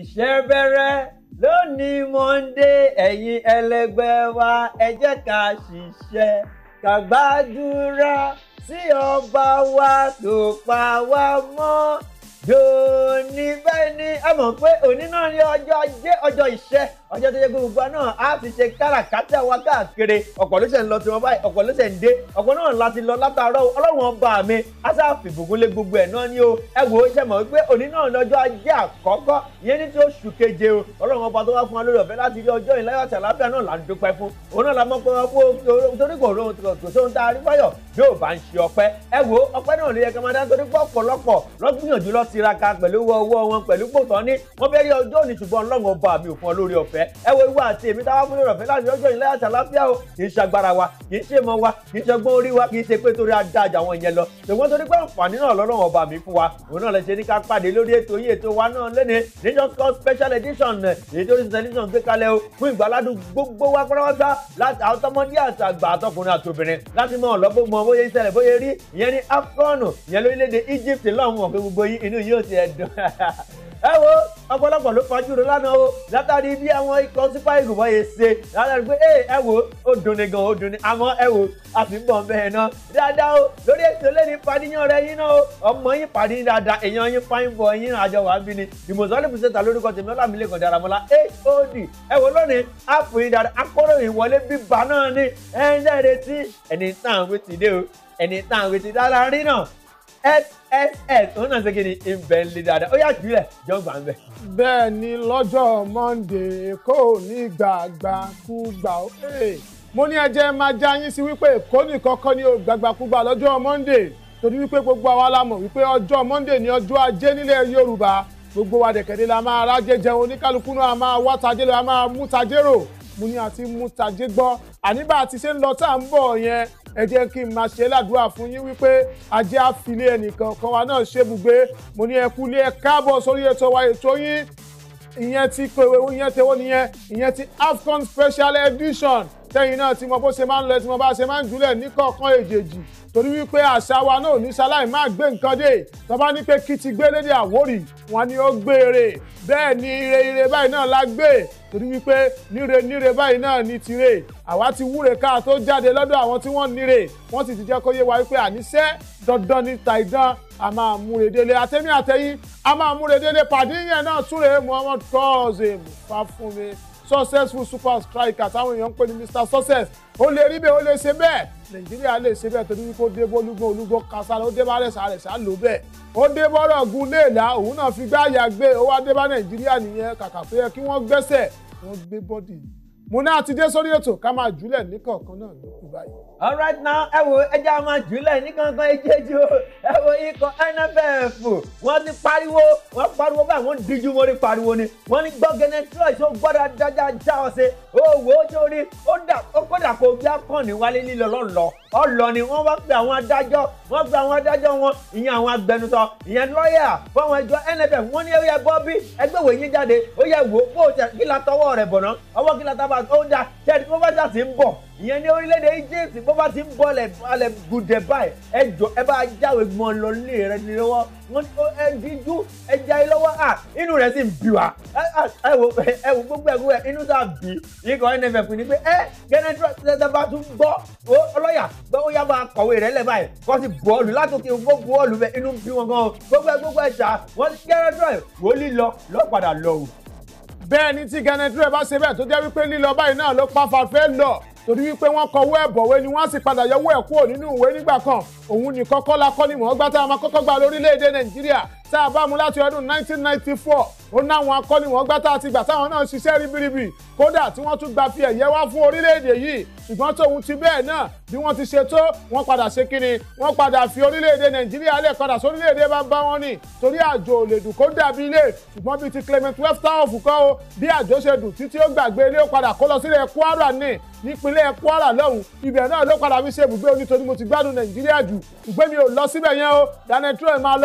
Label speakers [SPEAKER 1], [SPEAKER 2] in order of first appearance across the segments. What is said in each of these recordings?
[SPEAKER 1] iṣẹ́ bẹ̀rẹ̀ lónìí monde ẹ̀yin ẹlẹgbẹ́ wa ẹ jẹ́ ká ṣiṣẹ́ ká gbàdúrà sí ọba wa tó pa wá mọ́ jòní bẹ́ẹ̀ ni ẹ mọ̀ pé òní náà ni ọjọ́ ajé ọjọ́ iṣẹ́ ọjọ́ tó yẹ pé gbogbo náà á fi ṣe káràkátà wa káàkiri ọ̀pọ̀ ló ṣe ń lọ tiwọn báyìí ọ̀pọ̀ ló ṣe ń dé ọ̀pọ̀ náà láti lọ látàárọ̀ ọlọ́run ọba mi á sá fìbùkún lé gbogbo ẹ̀ náà ni o ẹ wò ó ṣe mọ̀ wípé òní náà lọ́jọ́ ajé àkọ́kọ́ ìyẹn ní tí oṣù keje o ọlọ́run ọba tó wá fún wa lórí ọ̀fẹ́ láti rí ọjọ́ ìláyọ̀ àti àlàáfíà náà là ń dúpẹ́ fún òun náà la mọ̀ pé wọ́n torí kò rohun kò sóhun tá a rí báyọ̀ bí ò bá ń ṣe ọpẹ́ ẹ wò ó ọpẹ́ náà ló yẹ kí wọ́n dá torí ọ̀fẹ́ ẹ wo ìwọ àti èmi táwa fún lórí ọ̀fẹ́ láti ọjọ́ ìlẹ àti àlàáfíà o kì í ṣe agbára wa kì í ṣe mọ wa kì í ṣe gbọ́n orí wa kì í ṣe pé torí adájà wọn yẹn lọ ṣùgbọ́n torí pé àǹfààní náà lọ́nà ọba mi fún wa òun náà lè ṣe ní ká pàdé lórí ètò yìí ètò wa náà lẹ́ni nation cup special edition èyí tó ti tẹlifíṣàn gbé kalẹ̀ o fún ìgbàládùn gbogbo wa pátápátá láti àtọmọdé àtàgbà àtọkùnrin àtòbìnrin láti mọ ọlọ́gbọ́n mọ bóyá ìṣẹ̀lẹ̀ bóyá rí ìyẹn Egypt lọ́hùn-ún ọ̀pẹ gbogbo yín inú yóò ti ẹ wo ọ̀pọ̀lọpọ̀ ló fajúro lánàá o látàrí bí àwọn ikọ̀ sípà ìgbìmọ yẹn ṣe látàrí pé ẹ ẹ wo ó dunni gan ó dunni àmọ́ ẹ wo a fi ń bọ̀ bẹ́ẹ̀ náà dáadáa o lórí ètò lẹ́ni padìyàn rẹ yín náà o ọmọ yín padì dáadáa èèyàn yín fáyín bọ̀ yín àjọ wà bí ni ìmọ̀sọ́lẹ̀ pèsèta lórúkọ tèmi ọlámilẹ́kọ̀ daramọ́lá aod ẹ wo lónìí àpò yín dáadáa akọ́ròyìn wọlé bíbá náà ni ẹ ń lẹ́rẹ̀ẹ́ sí ẹni tá à ń retí dé o ẹni sss òun náà ṣe kí ni ń lé dáadáa ó yà jùlẹ̀ jọ̀ǹgbà ń bẹ̀.
[SPEAKER 2] bẹ́ẹ̀ ni lọ́jọ́ monday kò ní gbàgbà kú gbà ó mo ní ẹjẹ́ máa já yín sí wípé èkó nìkan kọ́ ni ó gbàgbà kú lọ́jọ́ monday torí wípé gbogbo àwa la mọ̀ wípé ọjọ́ monday ni ọjọ́ ajé nílẹ̀ yorùbá gbogbo wa dẹ̀kẹ̀dẹ̀ la máa rájẹ jẹun oníkálukú náà a máa wá tajé lọ a máa mú tajé rò mo ní àti mú gbọ́ àníbà àti ṣe ń lọ tá à ń bọ̀ yẹn ẹ jẹ́ kí n máa ṣe ládùúrà fún yín wípé ajé àfilé ẹnìkan kan wa náà ṣe bùgbé mo ní ẹ kú ilé ẹ káàbọ̀ sórí ètò wa ètò yín ìyẹn ti kòwéwó ìyẹn tewó nìyẹn ìyẹn ti AFCON special edition tẹ́yìn náà tí mo bó ṣe máa ń lọ tí mo bá ṣe máa ń jùlẹ̀ ní kọ̀ọ̀kan èjèèjì torí wípé àṣà wa náà ní ṣaláì máa gbé nǹkan dé tó bá ní pé kí ti gbé lédè àwórì wọn ni ó gbére bẹ́ẹ̀ ni ire ire báyìí náà la gbé torí wípé níre níre báyìí náà ní tirẹ̀ àwa ti wúre ká tó jáde lọ́dọ̀ àwọn tí wọ́n níre wọ́n sì ti jẹ́ kó yé wa wípé àníṣe dandan ni tàìdán a máa múre délé àtẹ́mí àtẹ́yìn a máa múre délé pàdé yẹn náà túre Muhammad kọ́ọ̀zẹ̀ fà successful super striker táwọn èèyàn ń pè ní Mr Success ó lè rí bẹ́ẹ̀ ó lè ṣe bẹ́ẹ̀ Nàìjíríà lè ṣe bẹ́ẹ̀ torí wípé ó dé bólúgbọ́n olúgbọ́n kásá ó dé bá rẹ̀sà rẹ̀sà ló bẹ́ẹ̀ ó dé bọ́rọ̀ gun léèlà òun náà fi gbá àyà gbé ó wá dé bá Nàìjíríà nìyẹn kàkà pé kí wọ́n gbẹ́sẹ̀ wọ́n gbé bọ́dì mo náà ti dé sórí ètò ká máa jùlẹ̀ ní kọ̀ọ̀kan náà ló kù báyìí. all right now ẹ wo ẹja máa jùlẹ̀ ní kankan ejeju
[SPEAKER 1] ẹ wo ikọ̀ NFF wọ́n ti pariwo wọ́n pariwo báyìí wọ́n díjú mórí pariwo ni wọ́n ní gbọ́gẹ́nẹ́ tíwọ́ ìṣó gbọ́dọ̀ dájá já ọ̀sẹ̀ owó ojú orí ó kódà kó gbé akọ́ni wálé lílọ lọ́lọ́ ọlọ ni wọ́n wá pe àwọn adájọ́ wọ́n pe àwọn adájọ́ wọn ìyẹn àwọn agbẹnusọ ìyẹn lọ́ọ̀yà fáwọn ẹjọ́ NFF wọ́n ní ẹ̀yà bọ́bí ẹgbẹ́ òwe yín jáde ó yẹ wò ó kí la tọwọ́ rẹ̀ bọ̀nà ọwọ́ kí la tábà ó ń da tẹ́lifíwọ́n bá ṣàṣì ń bọ̀ ìyẹn ní orílẹ̀-èdè Egypt bó bá ti ń bọ̀ alẹ̀ gùdẹ̀ báyìí ẹ jọ ẹ bá jáwé mọ́ lọ nílé rẹ ní lọ́wọ́ wọn ẹ díjú ẹ já yín lọ́wọ́ à inú rẹ̀ sì ń bí wa ẹ wò ẹ wò gbogbo ẹ̀kú ẹ̀ inú tá a bí ikọ̀ NFF ni pé ẹ gẹ́nẹ́ tó bá tún gbọ́ ọlọ́yà gbọ́ ó yá máa kọ̀wé rẹ̀ lẹ̀ báyìí kọ́ sí bọ́ọ̀lù látòkè gbogbo
[SPEAKER 2] bọ́ọ̀lù bẹ́ẹ̀ inú bí wọn gan gbogbo ẹ̀ gbogbo ẹ̀ ṣá wọ́n gẹ́nẹ́ tó lílọ lọ́padà lọ bẹ́ẹ̀ ni tí gẹ́nẹ́ tó bá ṣe bẹ́ẹ̀ tó jẹ́ wípé lílọ báyìí náà ló pàfà fẹ́ lọ torí wípé wọ́n kọ owó ẹ̀bọ̀wé ni wọ́n sì padà yọwọ́ ẹ̀ kúrò nínú ìwé nígbà kan òun nìkan kọ́ la kọ́ ni mọ̀ ọ́n gbá tá a máa kọ́kọ́ gba lórílẹ̀‐èdè nàìjíríà tá a bá mú láti ọdún 1994 ó náwọn akọni wọn gbá tá a ti gbà táwọn náà ṣiṣẹ́ ribiribi kódà tí wọ́n tún gba fi ẹ̀yẹ wá fún orílẹ̀-èdè yìí ṣùgbọ́n tóun ti bẹ́ẹ̀ náà bí wọ́n ti ṣe tó wọ́n padà ṣe kíni wọ́n padà fi orílẹ̀-èdè nàìjíríà lẹ̀ padà sórílẹ̀-èdè bá bá wọn ni torí àjò olè dùn kó dàbí ilé ṣùgbọ́n bíi ti Clement Westhoff kọ́ o bí àjò ṣe dùn títí ó gbàgbé ilé ó padà kó lọ sílẹ̀ Kwara ní nípínlẹ̀ Kwara lọ́hùn ibẹ̀ náà ló padà fi ṣe ibùgbé onítorí mo ti gbádùn nàìjíríà jù ìgbé ò lọ síbẹ̀ yẹn o Daniel Troy máa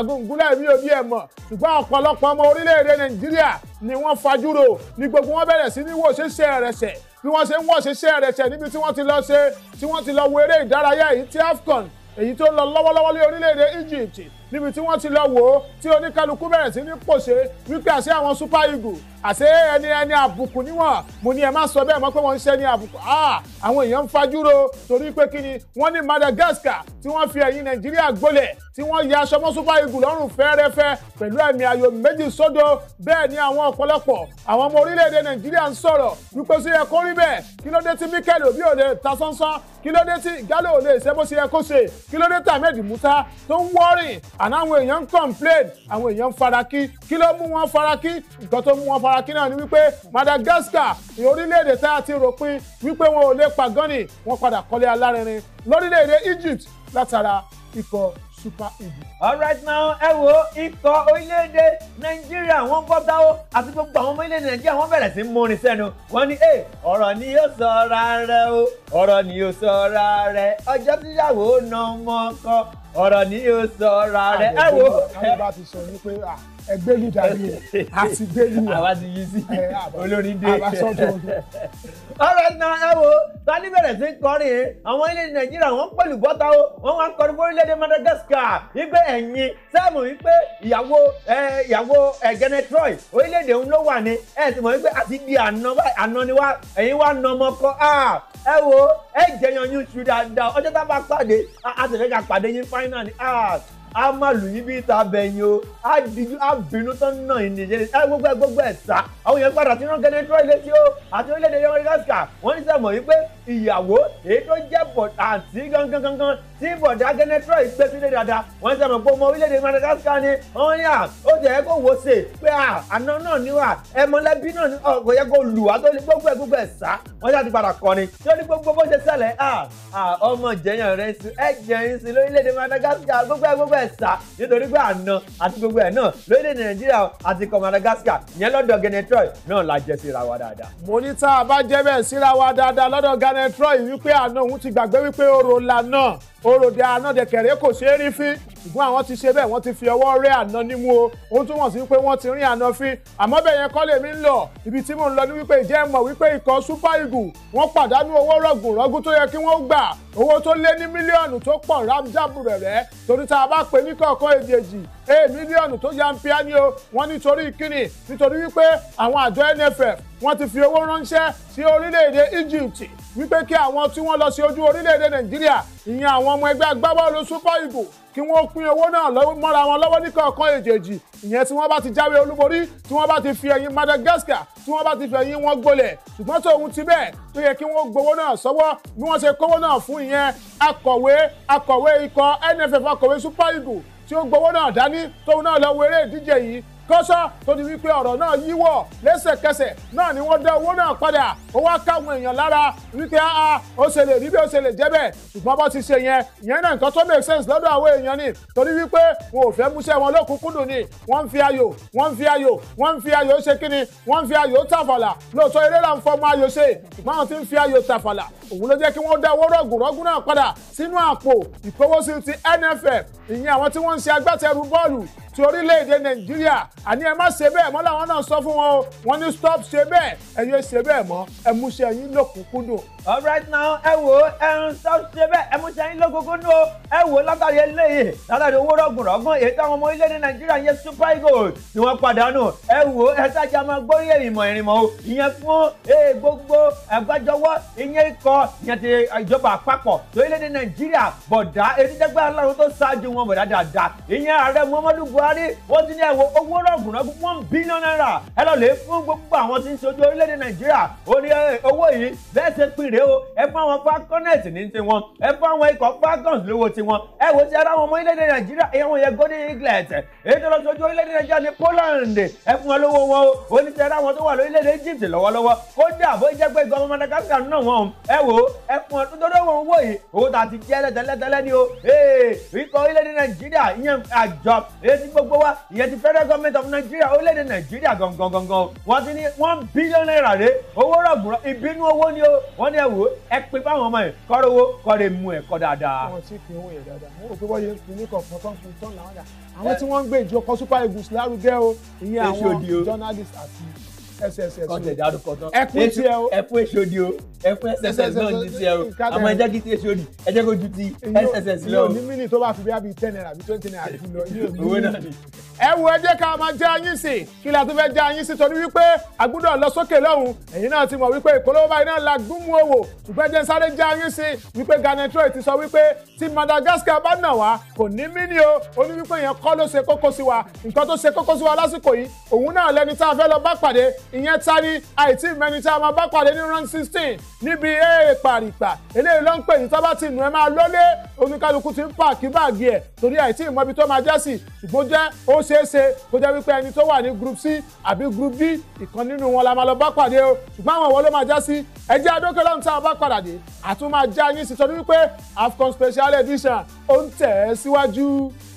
[SPEAKER 2] àgùngúnlẹ̀ mi ò bí ẹ̀ mọ̀ ṣùgbọ́n ọ̀pọ̀lọpọ̀ ọmọ orílẹ̀-èdè nàìjíríà ni wọ́n fajúro ni gbogbo wọn bẹ̀rẹ̀ sí ní wò ṣeṣe rẹ̀ṣẹ̀ bí wọ́n ṣe ń wò ṣeṣe rẹ̀ṣẹ̀ níbi tí wọ́n ti lọ ṣe tí wọ́n ti lọ wo eré ìdárayá èyí tí AFCON èyí tó ń lọ lọ́wọ́lọ́wọ́ lé orílẹ̀-èdè Egypt níbi tí wọ́n ti lọ wò ó tí oníkálukú bẹ̀rẹ̀ sí ní pòṣe wípé àṣẹ àwọn super eagles àṣẹ ẹni ẹni àbùkù níwọ̀n mo ní ẹ má sọ bẹ́ẹ̀ mọ́ pé wọ́n ń ṣe ẹni àbùkù àwọn èèyàn ń fajúro torí pé kí ni wọ́n ní Madagascar tí wọ́n fi ẹ̀yìn Nàìjíríà gbolẹ̀ tí wọ́n ya aṣọ mọ́ super eagles lọ́rùn fẹ́ẹ́rẹ́fẹ́ pẹ̀lú ẹ̀mí ayò méjì sódò bẹ́ẹ̀ ni àwọn ọ̀pọ̀lọpọ̀ àwọn ọmọ orílẹ̀-èdè Nàìjíríà ń sọ̀rọ̀ wípé sí ẹ kó rí bẹ́ẹ̀ kí ló dé tí Mikel Obi ò lè ta sánsán kí ló dé tí Galo ò lè ṣe bó ṣe yẹ kó ṣe kí ló dé tí Ahmed Musa tó ń wọ́rìn àná àwọn èèyàn ń complain àwọn èèyàn ń farakí kí ló mú wọn farakí nǹkan tó mú wọn farakí náà ni wípé Madagascar ní orílẹ̀-èdè tá a ti rò pin wípé wọn ò lè pagánì wọn padà kọ́lé alárinrin lórílẹ̀-èdè Egypt látara ikọ̀ super eagles. alright now ẹ wo ikọ̀ orílẹ̀-èdè nàìjíríà wọ́n gbọ́
[SPEAKER 1] dáwọ́ àti gbogbo àwọn ọmọ orílẹ̀-èdè nàìjíríà wọ́n bẹ̀rẹ̀ sí múrin sẹ́nu wọ́n ní ẹ ọ̀rọ̀ ni yóò sọ ara rẹ o ọ̀rọ̀ ni yóò sọ ara rẹ ọjọ́ tíyàwó na ọmọ ọ̀rọ̀ ni yóò sọ ọ̀rọ̀ rẹ̀ ẹ wo. àwọn bá ti sọ ní pé ẹgbẹ́ yìí dàbí ẹ̀ a ti gbé yìí wá. àwa ti yí sí olórin dé. àwa sọ tó ń bẹ. ọ̀rọ̀ náà ẹ wo tani bẹ̀rẹ̀ sí kọrin àwọn ilé nàìjíríà wọ́n pẹ̀lú bọ́tà o wọ́n wá kọrin fún orílẹ̀-èdè Madagascar wípé ẹ̀yin sẹ́ẹ̀mù wípé ìyàwó ìyàwó ẹ̀gẹ́nẹ́ Troy orílẹ̀-èdè òun ló wà ní ẹ̀ sì mọ̀ wípé àti di àná ni wá ẹ̀yin wá nà ọmọ kọ́ ẹ wo ẹ jẹyàn yín ṣu dáadáa ọjọ́ tá a bá pàdé a sì fẹ́ ká pàdé yín ni a má lù yín bí ìta bẹ̀yìn o a dìjú a bínú tán náà ní ìṣẹ̀lẹ̀ ẹ gbogbo ẹ gbogbo ẹ̀ sá àwọn yẹn padà sínú gẹ́gẹ́ tí wọ́n lé o àti ìyàwó èyí tó jẹ́ àǹtí gangan gangan tí bọ̀dá gẹ́nẹ́tírọ̀ yìí gbé sílé dáadáa wọ́n ti mọ̀ pé ọmọ orílẹ̀-èdè Madagascar ni wọ́n ní à ó jẹ́ kó wo ṣe pé à àná náà ni wà ẹ náà ni kò yẹ kó lù wá tó ní gbogbo ẹ̀ gbogbo ẹ̀ sá wọ́n ṣáà ti padà kọ́ ni tí ó ní gbogbo bó ṣe ṣẹlẹ̀ à ọmọ jẹyàn rẹ sí ẹ jẹyìn sí lórílẹ̀-èdè Madagascar gbogbo ẹ̀ gbogbo ẹ̀ sá nítorí pé àná àti gbogbo ẹ̀ náà lórílẹ̀-èdè Nàìjíríà àti kọ Madagascar ìyẹn lọ́dọ̀ gẹ́nẹ́tírọ̀ náà la jẹ síra wa dáadáa.
[SPEAKER 2] mo ní tá a bá jẹ́ bẹ́ẹ̀ síra wa Troy wípé àná òun ti gbàgbé wípé orò la náà òròdè àná dẹ̀kẹ̀rẹ́ kò ṣeé rí fín ṣùgbọ́n àwọn ti ṣe bẹ́ẹ̀ wọ́n ti fi ọwọ́ rẹ́ àná nímú o ohun tó wọ̀n sí pé wọ́n ti rí àná fín àmọ́ bẹ́ẹ̀ yẹn kọ́ lèmi ń lọ ibi tí mò ń lọ ní wípé ìjẹ́ mọ̀ wípé ikọ̀ super eagle wọ́n pàdánù owó rọ̀gùn rọ́gùn tó yẹ kí wọ́n gbà owó tó lé ní mílíọ̀nù tó pọ̀ rámjábù rẹ̀ rẹ́ torí tá a bá pè ní kọ̀ọ̀kan èdè èjì ee mílíọ̀nù tó ya ń pia ni o wọ́n nítorí kíni nítorí wípé àwọn àjọ NFF wọ́n ti fi owó ránṣẹ́ sí orílẹ̀-èdè Egypt wípé kí àwọn tí wọ́n lọ sí ojú orílẹ̀-èdè Nàìjíríà ìyẹn àwọn àwọn ọmọ ẹgbẹ́ agbábọ́ọ̀lù Super Eagles kí wọ́n pín owó náà mọ́ra wọn lọ́wọ́ ní kọ̀ọ̀kan èjèèjì ìyẹn tí wọ́n bá ti jáwé olúborí tí wọ́n bá ti fi ẹ̀yìn Madagascar tí wọ́n bá ti fi ẹ̀yìn wọn gbolẹ̀ ṣùgbọ́n tóun ti bẹ́ẹ̀ tó yẹ kí wọ́n gbowó náà sọ́wọ́ bí wọ́n ṣe kówó náà fún ìyẹn akọ̀wé akọ̀wé ikọ̀ NFF akọ̀wé Super Eagles tí ó gbowó náà dání tóun náà lọ wo eré ìdíje yìí kọ́sá tó di wípé ọ̀rọ̀ náà yíwọ̀ lẹ́sẹ̀kẹsẹ̀ náà ni wọ́n dá owó náà padà ó wá káwọn èèyàn lára wípé áá ó ṣe lè rí bí ó ṣe lè jẹ́ ṣùgbọ́n bó ti ṣe yẹn ìyẹn náà nǹkan tó make sense lọ́dọ̀ àwọn èèyàn ni torí wípé wọn ò fẹ́ múṣẹ́ wọn lókùnkúndùn ni wọ́n ń fi ayò wọ́n ń fi ayò wọ́n ń fi ayò ṣe kíni wọ́n ń fi ayò tàfàlà lóòótọ́ eré là ń fọmọ ayò ṣe máa ti ń fi ayò tàfàlà òun ló jẹ́ kí wọ́n dá owó rọ̀gùnrọ̀gùn náà padà sínú àpò ìkówósí ti NFF ìyẹn àwọn tí wọ́n ń ṣe agbátẹrù bọ́ọ̀lù ti orílẹ̀-èdè nàìjíríà àní ẹ má ṣe bẹ́ẹ̀ mọ́ làwọn náà sọ fún wọn o wọ́n ní stop ṣe bẹ́ẹ̀ ẹ yé ṣe bẹ́ẹ̀ mọ́ ẹ múṣẹ́ yín lọ́kùnkúndùn.
[SPEAKER 1] all right now ẹ wò ó ẹrun stop ṣe bẹ́ẹ̀ ẹ múṣẹ́ yín lọ́kùnkúndùn o ẹ wò ó látàrí eléyìí látàrí owó rọ̀gùn rọ̀gùn èyí táwọn ọmọ orílẹ̀-èdè nàìjíríà yẹn super eagles ni wọ́n pàdánù ẹ wò ó ẹ sájà máa gbórí ìmọ̀ ìrìnmọ̀ o ìyẹn fún gbogbo àgbájọwọ́ ìyẹn ikọ̀ ìyẹn ti ìjọba àpapọ̀ orílẹ̀-èdè nàìjíríà bọ̀dá ètí jẹ́gbẹ́ alárun tó ṣáájú wọn bọ̀dá dáadáa ìyẹn ààrẹ muhammadu buhari buhari wọ́n ti ní ẹ̀wọ̀ owó rọ̀gùnrọ̀gùn one billion naira ẹ lọ lè fún gbogbo àwọn tí ń ṣojú orílẹ̀-èdè nàìjíríà ó ní owó yìí bẹ́ẹ̀ ṣe pin rèé o ẹ fún àwọn falconet ní tiwọn ẹ fún àwọn ikọ̀ falcons lówó tiwọn ẹ wò sí ara àwọn ọmọ orílẹ̀-èdè nàìjíríà ẹ wọ́n yẹ golden eaglet èyí tó lọ ṣojú orílẹ̀-èdè nàìjíríà ní poland ẹ fún wọn lówó wọn o ó ní sí ara àwọn tó wà lórílẹ̀-èdè egypt lọ́wọ́lọ́wọ́ kódà bó jẹ́ pé gọ́ọ̀mù madagascar náà wọ́n ẹ wò ó ẹ fún wọn tó wọn wò yìí owó tà ti jẹ́ lẹ́tẹ̀lẹ́tẹ̀lẹ́ ni gbogbo wa ìyẹn ti federal government of Nigeria orílẹ̀-èdè Nigeria gangan gangan wọ́n ti ní one billion naira rè owó rọ̀gùn ìbínú owó ni o wọ́n ní ẹ wò ó ẹ pé fáwọn ọmọ yẹn kọ́ rówó kọ́ lè mú ẹ̀ kọ́ dáadáa. wọn ti
[SPEAKER 2] fi owó yẹn dáadáa mo rò pé wọ́n yẹ fi ní kọ̀ọ̀kan tán fi tán làwọn dà àwọn tí wọ́n ń gbé ìjókòó super eagles lárugẹ o ìyẹn àwọn journalist àti sss. kọ́ńtẹ̀
[SPEAKER 1] dárúkọ tán ẹ fún èso di o ẹkún sss náà ní ti ẹrù àmọ́ ẹjẹ kí ti èso rí ẹjẹ kó ju ti sss lọ. yóò ní
[SPEAKER 2] mínì tó bá fi bí abi ten naira bí twenty naira fi lọ yóò ní mínì. ẹ wo ẹ jẹ́ ká máa já yín sí kí la tún fẹ́ já yín sí torí wípé àgbúdọ̀ lọ sókè lọ́hùn ẹ̀yin náà ti mọ̀ wípé ìpolówó báyìí náà la gúnmú owó ṣùgbọ́n jẹ́ sáré já yín sí wípé Garnet Roy ti sọ wípé tí Madagascar bá nà wá kò ní mínì o ó ní wípé yẹn kọ́ ló ṣe kókó sí wa nǹkan tó ṣe kókó sí wa lásìkò yìí òun náà lẹni tá a fẹ́ lọ bá pàdé ìyẹn ta ni àìtí mẹni tá a máa bá pàdé ní round sixteen níbi eré pàrìpà eléyìí ló ń pè ní tábàtì nù ẹ máa lólé oníkálukú ti ń pa àkíbàgì ẹ̀ torí àìtí ìmọ̀bi tó máa jẹ́ sí ṣùgbọ́n jẹ́ ó ṣeé ṣe kó jẹ́ wípé ẹni tó wà ní group c àbí group d ìkan nínú wọn la máa lọ bá pàdé o ṣùgbọ́n àwọn ìwọ ló máa jẹ́ sí ẹjẹ́ adókè lọ́run tá a bá padà dé àtún máa já yín sí wípé AFCON special edition ó ń tẹ̀ ẹ́ síwájú.